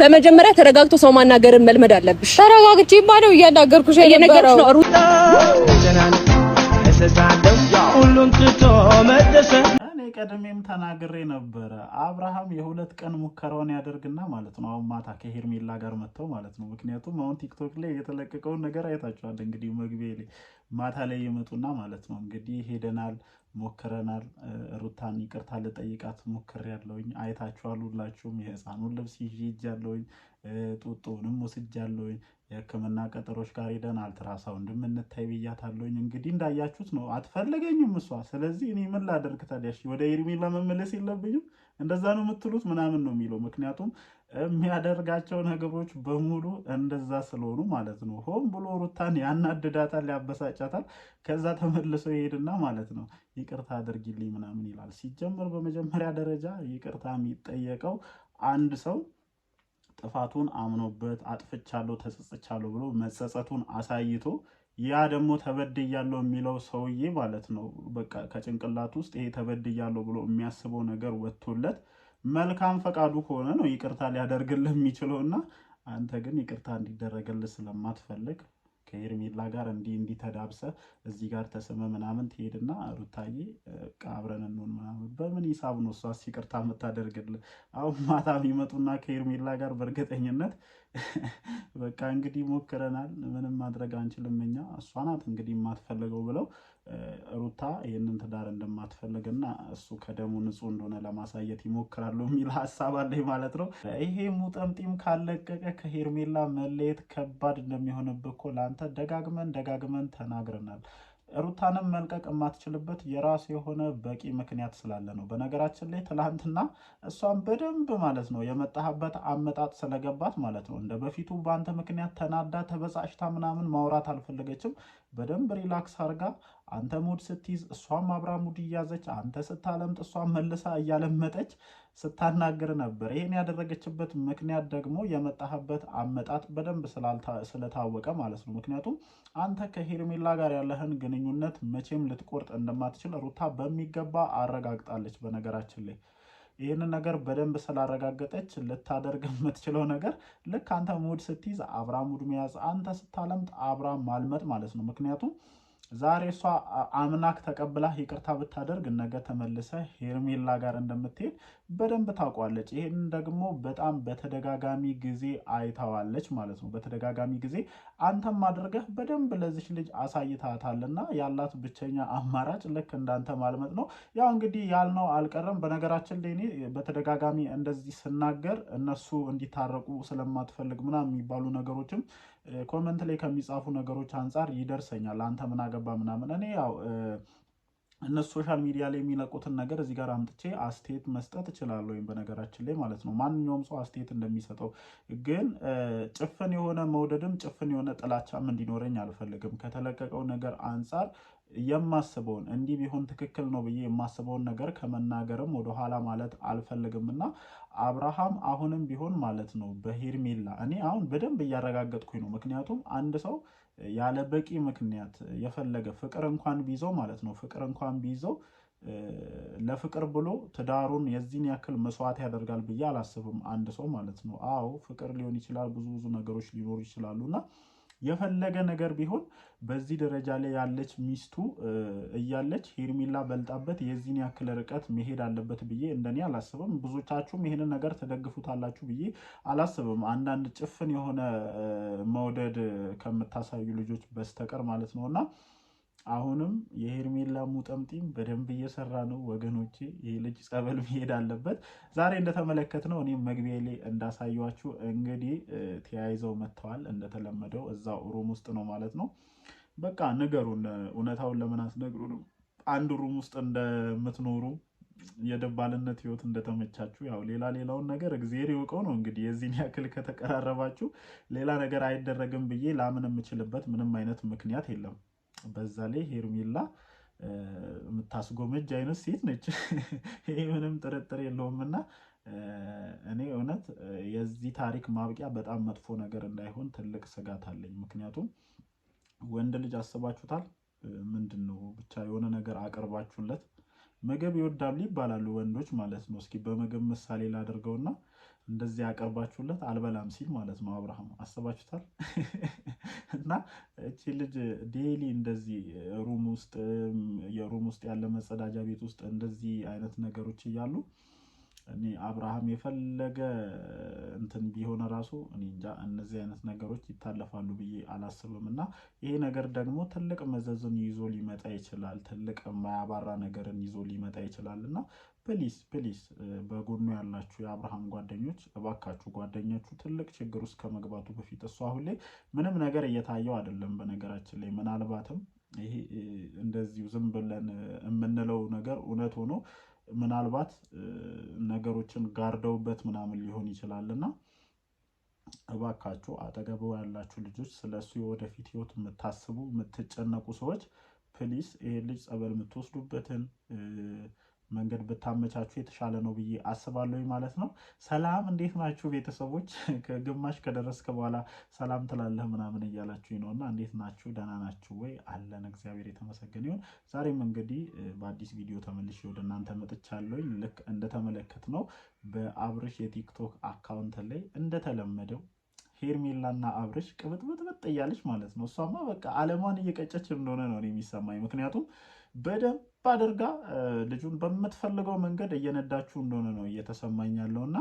በመጀመሪያ ተረጋግቶ ሰው ማናገርን መልመድ አለብሽ። ተረጋግቼ ተረጋግቼማ ነው እያናገርኩሽ የነበረው ነው። ሩታ እኔ ቀድሜም ተናግሬ ነበረ። አብርሃም የሁለት ቀን ሙከራውን ያደርግና ማለት ነው አሁን ማታ ከሄርሜላ ጋር መጥተው ማለት ነው። ምክንያቱም አሁን ቲክቶክ ላይ የተለቀቀውን ነገር አይታችኋል እንግዲህ መግቢያ ላይ ማታ ላይ ይመጡና ማለት ነው እንግዲህ ሄደናል፣ ሞክረናል፣ ሩታን ይቅርታ ልጠይቃት ያለውኝ አይታችኋል ሁላችሁም። የህፃኑን ልብስ ይዤ ሄጃለሁኝ፣ ጡጦውንም ወስጃለሁኝ፣ የህክምና ቀጠሮች ጋር ሄደን አልትራሳውንድም እንታይ ብያታለሁኝ። እንግዲህ እንዳያችሁት ነው፣ አትፈልገኝም እሷ። ስለዚህ እኔ ምን ላደርግ ታዲያ? ወደ ኤርሚ ለመመለስ የለብኝም እንደዛ ነው የምትሉት ምናምን ነው የሚለው ምክንያቱም የሚያደርጋቸው ነገሮች በሙሉ እንደዛ ስለሆኑ ማለት ነው። ሆን ብሎ ሩታን ያናድዳታል፣ ያበሳጫታል። ከዛ ተመልሶ ይሄድና ማለት ነው ይቅርታ አድርጊልኝ ምናምን ይላል። ሲጀመር በመጀመሪያ ደረጃ ይቅርታ የሚጠየቀው አንድ ሰው ጥፋቱን አምኖበት አጥፍቻለሁ፣ ተጸጽቻለሁ ብሎ መጸጸቱን አሳይቶ ያ ደግሞ ተበድያለሁ የሚለው ሰውዬ ማለት ነው በቃ ከጭንቅላት ውስጥ ይሄ ተበድያለሁ ብሎ የሚያስበው ነገር ወጥቶለት መልካም ፈቃዱ ከሆነ ነው ይቅርታ ሊያደርግልህ የሚችለው እና አንተ ግን ይቅርታ እንዲደረግልህ ስለማትፈልግ ከኤርሜላ ጋር እንዲህ እንዲህ እዚህ ጋር ተስመ ምናምን ትሄድና ሩታዬ በቃ አብረን እንሆን ምናምን በምን ሂሳብ ነው እሷስ ይቅርታ የምታደርግልህ? አሁን ማታ የሚመጡና ከኤርሜላ ጋር በእርግጠኝነት በቃ እንግዲህ ሞክረናል፣ ምንም ማድረግ አንችልም እኛ እሷ ናት እንግዲህ የማትፈልገው ብለው ሩታ ይህንን ትዳር እንደማትፈልግና እሱ ከደሙ ንጹህ እንደሆነ ለማሳየት ይሞክራሉ የሚል ሀሳብ አለኝ ማለት ነው። ይሄ ሙጠምጢም ካለቀቀ ከሄርሜላ መለየት ከባድ እንደሚሆንብህ እኮ ለአንተ ደጋግመን ደጋግመን ተናግረናል። ሩታንም መልቀቅ የማትችልበት የራሱ የሆነ በቂ ምክንያት ስላለ ነው። በነገራችን ላይ ትላንትና እሷን በደንብ ማለት ነው የመጣህበት አመጣጥ ስለገባት ማለት ነው እንደ በፊቱ በአንተ ምክንያት ተናዳ ተበሳጭታ ምናምን ማውራት አልፈለገችም። በደንብ ሪላክስ አርጋ አንተ ሙድ ስትይዝ እሷም አብራ ሙድ እያዘች፣ አንተ ስታለምጥ እሷም መልሳ እያለመጠች ስታናግር ነበር። ይህን ያደረገችበት ምክንያት ደግሞ የመጣህበት አመጣጥ በደንብ ስለታወቀ ማለት ነው። ምክንያቱም አንተ ከሄርሜላ ጋር ያለህን ግንኙነት መቼም ልትቆርጥ እንደማትችል ሩታ በሚገባ አረጋግጣለች። በነገራችን ላይ ይህንን ነገር በደንብ ስላረጋገጠች ልታደርግ የምትችለው ነገር ልክ አንተ ሙድ ስትይዝ አብራ ሙድ መያዝ፣ አንተ ስታለምጥ አብራ ማልመጥ ማለት ነው። ምክንያቱም ዛሬ እሷ አምናክ ተቀብላህ ይቅርታ ብታደርግ ነገ ተመልሰ ሄርሜላ ጋር እንደምትሄድ በደንብ ታውቋለች። ይህን ደግሞ በጣም በተደጋጋሚ ጊዜ አይታዋለች ማለት ነው። በተደጋጋሚ ጊዜ አንተም አድርገህ በደንብ ለዚች ልጅ አሳይታታልና ያላት ብቸኛ አማራጭ ልክ እንዳንተ ማልመጥ ነው። ያው እንግዲህ ያልነው አልቀረም። በነገራችን ላይ በተደጋጋሚ እንደዚህ ስናገር እነሱ እንዲታረቁ ስለማትፈልግ ምናምን የሚባሉ ነገሮችም ኮመንት ላይ ከሚጻፉ ነገሮች አንጻር ይደርሰኛል። አንተ ምን አገባ ምናምን። እኔ ያው እነሱ ሶሻል ሚዲያ ላይ የሚለቁትን ነገር እዚህ ጋር አምጥቼ አስቴት መስጠት እችላለሁ፣ ወይም በነገራችን ላይ ማለት ነው ማንኛውም ሰው አስቴት እንደሚሰጠው። ግን ጭፍን የሆነ መውደድም ጭፍን የሆነ ጥላቻም እንዲኖረኝ አልፈልግም። ከተለቀቀው ነገር አንጻር የማስበውን እንዲህ ቢሆን ትክክል ነው ብዬ የማስበውን ነገር ከመናገርም ወደኋላ ማለት አልፈልግም እና አብርሃም አሁንም ቢሆን ማለት ነው በሄርሜላ እኔ አሁን በደንብ እያረጋገጥኩኝ ነው። ምክንያቱም አንድ ሰው ያለ በቂ ምክንያት የፈለገ ፍቅር እንኳን ቢይዘው ማለት ነው ፍቅር እንኳን ቢይዘው ለፍቅር ብሎ ትዳሩን የዚህን ያክል መስዋዕት ያደርጋል ብዬ አላስብም። አንድ ሰው ማለት ነው አዎ ፍቅር ሊሆን ይችላል ብዙ ብዙ ነገሮች ሊኖሩ ይችላሉና የፈለገ ነገር ቢሆን በዚህ ደረጃ ላይ ያለች ሚስቱ እያለች ሄርሜላ በልጣበት የዚህን ያክል ርቀት መሄድ አለበት ብዬ እንደኔ አላስብም። ብዙቻችሁም ይህንን ነገር ተደግፉታላችሁ ብዬ አላስብም። አንዳንድ ጭፍን የሆነ መውደድ ከምታሳዩ ልጆች በስተቀር ማለት ነው እና አሁንም የሄርሜላ ሙጠምጢም በደንብ እየሰራ ነው ወገኖቼ። ይህ ልጅ ጸበል መሄድ አለበት። ዛሬ እንደተመለከት ነው እኔም መግቢያ ላይ እንዳሳያችሁ እንግዲህ ተያይዘው መጥተዋል። እንደተለመደው እዛ ሩም ውስጥ ነው ማለት ነው። በቃ ንገሩን፣ እውነታውን ለምን አስነግሩ ነው። አንድ ሩም ውስጥ እንደምትኖሩ የደባልነት ህይወት እንደተመቻችሁ ያው ሌላ ሌላውን ነገር እግዜር ይውቀው ነው እንግዲህ። የዚህን ያክል ከተቀራረባችሁ ሌላ ነገር አይደረግም ብዬ ላምን የምችልበት ምንም አይነት ምክንያት የለም። በዛ ላይ ሄርሜላ የምታስጎመጅ አይነት ሴት ነች። ይሄ ምንም ጥርጥር የለውም። እና እኔ እውነት የዚህ ታሪክ ማብቂያ በጣም መጥፎ ነገር እንዳይሆን ትልቅ ስጋት አለኝ። ምክንያቱም ወንድ ልጅ አስባችሁታል? ምንድን ነው ብቻ የሆነ ነገር አቅርባችሁለት ምግብ ይወዳሉ ይባላሉ ወንዶች ማለት ነው። እስኪ በምግብ ምሳሌ ላድርገውና እንደዚህ ያቀርባችሁለት አልበላም ሲል ማለት ነው አብርሃም። አስባችሁታል? እና እቺ ልጅ ዴሊ እንደዚህ ሩም ውስጥ የሩም ውስጥ ያለ መጸዳጃ ቤት ውስጥ እንደዚህ አይነት ነገሮች እያሉ እኔ አብርሃም የፈለገ እንትን ቢሆነ ራሱ እኔ እንጃ እነዚህ አይነት ነገሮች ይታለፋሉ ብዬ አላስብም። እና ይሄ ነገር ደግሞ ትልቅ መዘዝን ይዞ ሊመጣ ይችላል። ትልቅ የማያባራ ነገርን ይዞ ሊመጣ ይችላል እና ፕሊስ ፕሊስ በጎኑ ያላችሁ የአብርሃም ጓደኞች እባካችሁ ጓደኛችሁ ትልቅ ችግር ውስጥ ከመግባቱ በፊት እሱ አሁን ላይ ምንም ነገር እየታየው አይደለም። በነገራችን ላይ ምናልባትም ይሄ እንደዚሁ ዝም ብለን የምንለው ነገር እውነት ሆኖ ምናልባት ነገሮችን ጋርደውበት ምናምን ሊሆን ይችላል እና እባካችሁ አጠገበው ያላችሁ ልጆች ስለ እሱ የወደፊት ህይወት የምታስቡ የምትጨነቁ ሰዎች ፕሊስ ይሄ ልጅ ጸበል የምትወስዱበትን መንገድ ብታመቻቹ የተሻለ ነው ብዬ አስባለሁ ማለት ነው። ሰላም እንዴት ናችሁ ቤተሰቦች? ከግማሽ ከደረስክ በኋላ ሰላም ትላለህ ምናምን እያላችሁ ነው እና እንዴት ናችሁ? ደህና ናችሁ ወይ? አለን እግዚአብሔር የተመሰገነ ይሁን። ዛሬም እንግዲህ በአዲስ ቪዲዮ ተመልሼ ወደ እናንተ መጥቻለሁኝ። ልክ እንደተመለከት ነው በአብርሽ የቲክቶክ አካውንት ላይ እንደተለመደው ሄርሜላና አብርሽ ቅብጥብጥብጥ እያለች ማለት ነው። እሷማ በቃ አለሟን እየቀጨች እንደሆነ ነው የሚሰማኝ ምክንያቱም በደንብ አድርጋ ልጁን በምትፈልገው መንገድ እየነዳችሁ እንደሆነ ነው እየተሰማኝ ያለው እና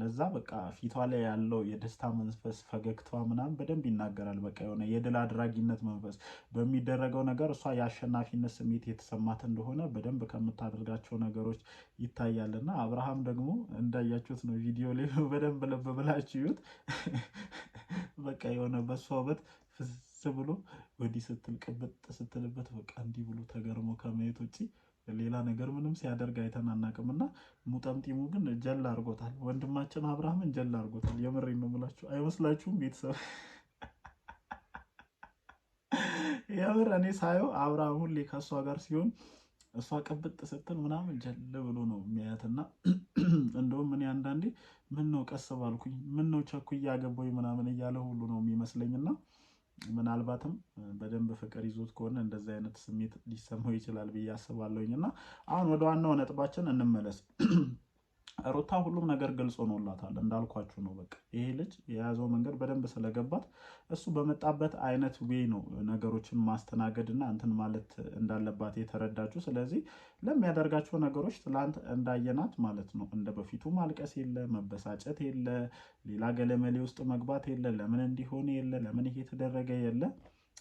ለዛ በቃ ፊቷ ላይ ያለው የደስታ መንፈስ ፈገግቷ ምናምን በደንብ ይናገራል። በቃ የሆነ የድል አድራጊነት መንፈስ በሚደረገው ነገር እሷ የአሸናፊነት ስሜት የተሰማት እንደሆነ በደንብ ከምታደርጋቸው ነገሮች ይታያልና አብርሃም ደግሞ እንዳያችሁት ነው ቪዲዮ ላይ በደንብ ልብ በቃ የሆነ በእሷ ውበት ብሎ ወዲህ ስትል ቅብጥ ስትልበት በቃ እንዲህ ብሎ ተገርሞ ከማየት ውጭ ሌላ ነገር ምንም ሲያደርግ አይተን አናውቅም። እና ሙጠምጢሙ ግን ጀል አድርጎታል። ወንድማችን አብርሃምን ጀል አድርጎታል። የምሬን ነው የምላችሁ። አይመስላችሁም ቤተሰብ? የምር እኔ ሳየው አብርሃም ሁሌ ከእሷ ጋር ሲሆን እሷ ቅብጥ ስትል ምናምን ጀል ብሎ ነው የሚያያትና እንደውም እኔ አንዳንዴ ምን ነው ቀስ ባልኩኝ፣ ምን ነው ቸኩ እያገባኝ ምናምን እያለ ሁሉ ነው የሚመስለኝና ምናልባትም በደንብ ፍቅር ይዞት ከሆነ እንደዚህ አይነት ስሜት ሊሰማው ይችላል ብዬ አስባለሁኝ እና አሁን ወደ ዋናው ነጥባችን እንመለስ። ሩታ ሁሉም ነገር ግልጽ ሆኖላታል። እንዳልኳችሁ ነው። በቃ ይሄ ልጅ የያዘው መንገድ በደንብ ስለገባት እሱ በመጣበት አይነት ዌይ ነው ነገሮችን ማስተናገድ እና እንትን ማለት እንዳለባት የተረዳችሁ። ስለዚህ ለሚያደርጋቸው ነገሮች ትላንት እንዳየናት ማለት ነው እንደ በፊቱ ማልቀስ የለ፣ መበሳጨት የለ፣ ሌላ ገለመሌ ውስጥ መግባት የለ፣ ለምን እንዲሆን የለ፣ ለምን ይሄ የተደረገ የለ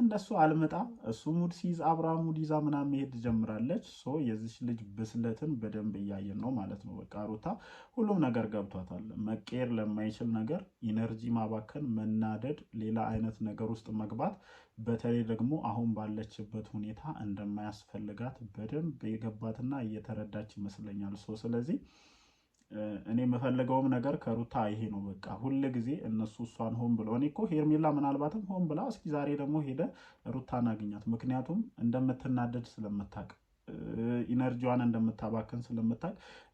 እንደሱ አልመጣ እሱ ሙድ ሲይዝ አብራ ሙድ ይዛ ምናምን መሄድ ጀምራለች። የዚች ልጅ ብስለትን በደንብ እያየን ነው ማለት ነው። በቃ ሩታ ሁሉም ነገር ገብቷታል። መቀየር ለማይችል ነገር ኢነርጂ ማባከን፣ መናደድ፣ ሌላ አይነት ነገር ውስጥ መግባት በተለይ ደግሞ አሁን ባለችበት ሁኔታ እንደማያስፈልጋት በደንብ የገባትና እየተረዳች ይመስለኛል። ስለዚህ እኔ የምፈልገውም ነገር ከሩታ ይሄ ነው። በቃ ሁል ጊዜ እነሱ እሷን ሆን ብለው እኔ እኮ ሄርሜላ ምናልባትም ሆን ብላ እስኪ ዛሬ ደግሞ ሄደ ሩታን አግኛት፣ ምክንያቱም እንደምትናደድ ስለምታውቅ ኢነርጂዋን እንደምታባክን ስለምታቅ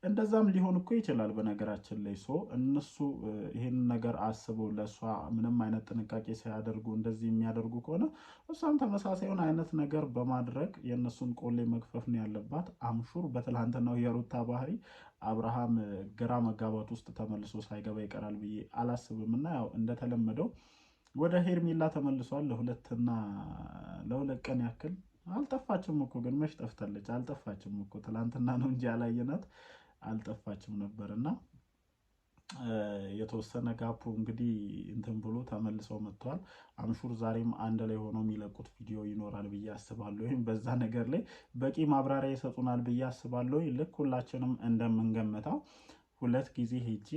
እንደዛም ሊሆን እኮ ይችላል። በነገራችን ላይ ሶ እነሱ ይህን ነገር አስበው ለእሷ ምንም አይነት ጥንቃቄ ሳያደርጉ እንደዚህ የሚያደርጉ ከሆነ እሷም ተመሳሳዩን አይነት ነገር በማድረግ የእነሱን ቆሌ መግፈፍ ነው ያለባት። አምሹር በትላንትናው የሩታ ባህሪ አብርሃም ግራ መጋባት ውስጥ ተመልሶ ሳይገባ ይቀራል ብዬ አላስብም። እና ያው እንደተለመደው ወደ ሄርሜላ ተመልሷል። ለሁለትና ለሁለት ቀን ያክል አልጠፋችም እኮ ግን መች ጠፍታለች? አልጠፋችም እኮ ትላንትና ነው እንጂ ያላየናት አልጠፋችም ነበር። እና የተወሰነ ጋፑ እንግዲህ እንትን ብሎ ተመልሰው መጥተዋል። አምሹር ዛሬም አንድ ላይ ሆነው የሚለቁት ቪዲዮ ይኖራል ብዬ አስባለሁ። ወይም በዛ ነገር ላይ በቂ ማብራሪያ ይሰጡናል ብዬ አስባለሁ። ልክ ሁላችንም እንደምንገምተው ሁለት ጊዜ ሄጂ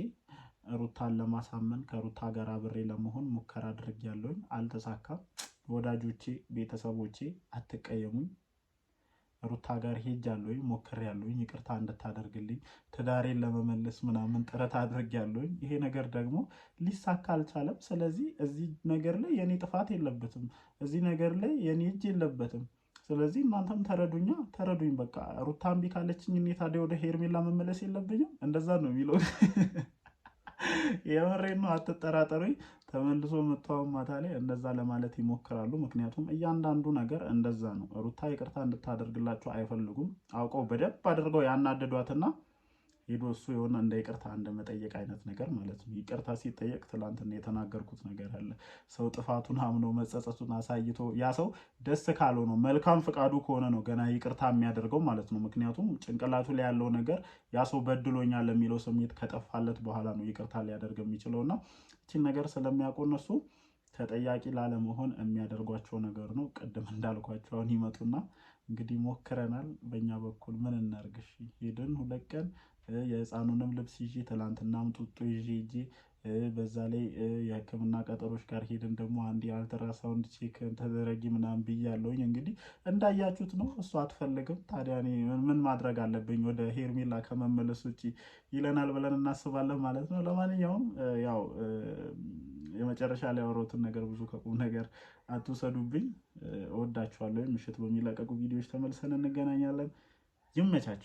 ሩታን ለማሳመን ከሩታ ጋር አብሬ ለመሆን ሙከራ አድርጌያለሁኝ። አልተሳካም። ወዳጆቼ፣ ቤተሰቦቼ አትቀየሙኝ። ሩታ ጋር ሄጃለሁኝ፣ ሞክሬያለሁኝ፣ ይቅርታ እንድታደርግልኝ ትዳሬን ለመመለስ ምናምን ጥረት አድርጌያለሁኝ። ይሄ ነገር ደግሞ ሊሳካ አልቻለም። ስለዚህ እዚህ ነገር ላይ የኔ ጥፋት የለበትም፣ እዚህ ነገር ላይ የኔ እጅ የለበትም። ስለዚህ እናንተም ተረዱኛ፣ ተረዱኝ። በቃ ሩታ እምቢ ካለችኝ እኔ ታዲያ ወደ ሄርሜላ መመለስ የለብኝም? እንደዛ ነው የሚለው የምሬ ነው፣ አትጠራጠሩኝ። ተመልሶ መጥተውን ማታ ላይ እንደዛ ለማለት ይሞክራሉ። ምክንያቱም እያንዳንዱ ነገር እንደዛ ነው። ሩታ ይቅርታ እንድታደርግላቸው አይፈልጉም። አውቀው በደንብ አድርገው ያናደዷትና ሄዶ እሱ የሆነ እንደ ይቅርታ እንደመጠየቅ አይነት ነገር ማለት ነው። ይቅርታ ሲጠየቅ ትላንትና የተናገርኩት ነገር አለ። ሰው ጥፋቱን አምኖ መጸጸቱን አሳይቶ ያ ሰው ደስ ካልሆነ መልካም ፈቃዱ ከሆነ ነው ገና ይቅርታ የሚያደርገው ማለት ነው። ምክንያቱም ጭንቅላቱ ላይ ያለው ነገር ያ ሰው በድሎኛል የሚለው ስሜት ከጠፋለት በኋላ ነው ይቅርታ ሊያደርግ የሚችለውና ይችን ነገር ስለሚያውቁ እነሱ ተጠያቂ ላለመሆን የሚያደርጓቸው ነገር ነው። ቅድም እንዳልኳቸው አሁን ይመጡና እንግዲህ ሞክረናል፣ በእኛ በኩል ምን እናርግሽ ሄድን ሁለት ቀን የህፃኑንም ልብስ ይዤ ትላንትናም ጡጦ ይዤ ይዤ በዛ ላይ የህክምና ቀጠሮች ጋር ሄድን። ደግሞ አንድ የአልትራሳውንድ ቼክ ተደረጊ ምናምን ብያለሁኝ። እንግዲህ እንዳያችሁት ነው እሱ አትፈልግም። ታዲያ ምን ማድረግ አለብኝ? ወደ ሄርሜላ ከመመለስ ውጭ ይለናል ብለን እናስባለን ማለት ነው። ለማንኛውም ያው የመጨረሻ ላይ ያወራሁትን ነገር ብዙ ከቁም ነገር አትውሰዱብኝ። እወዳችኋለሁ። ምሽት በሚለቀቁ ቪዲዮዎች ተመልሰን እንገናኛለን። ይመቻችሁ።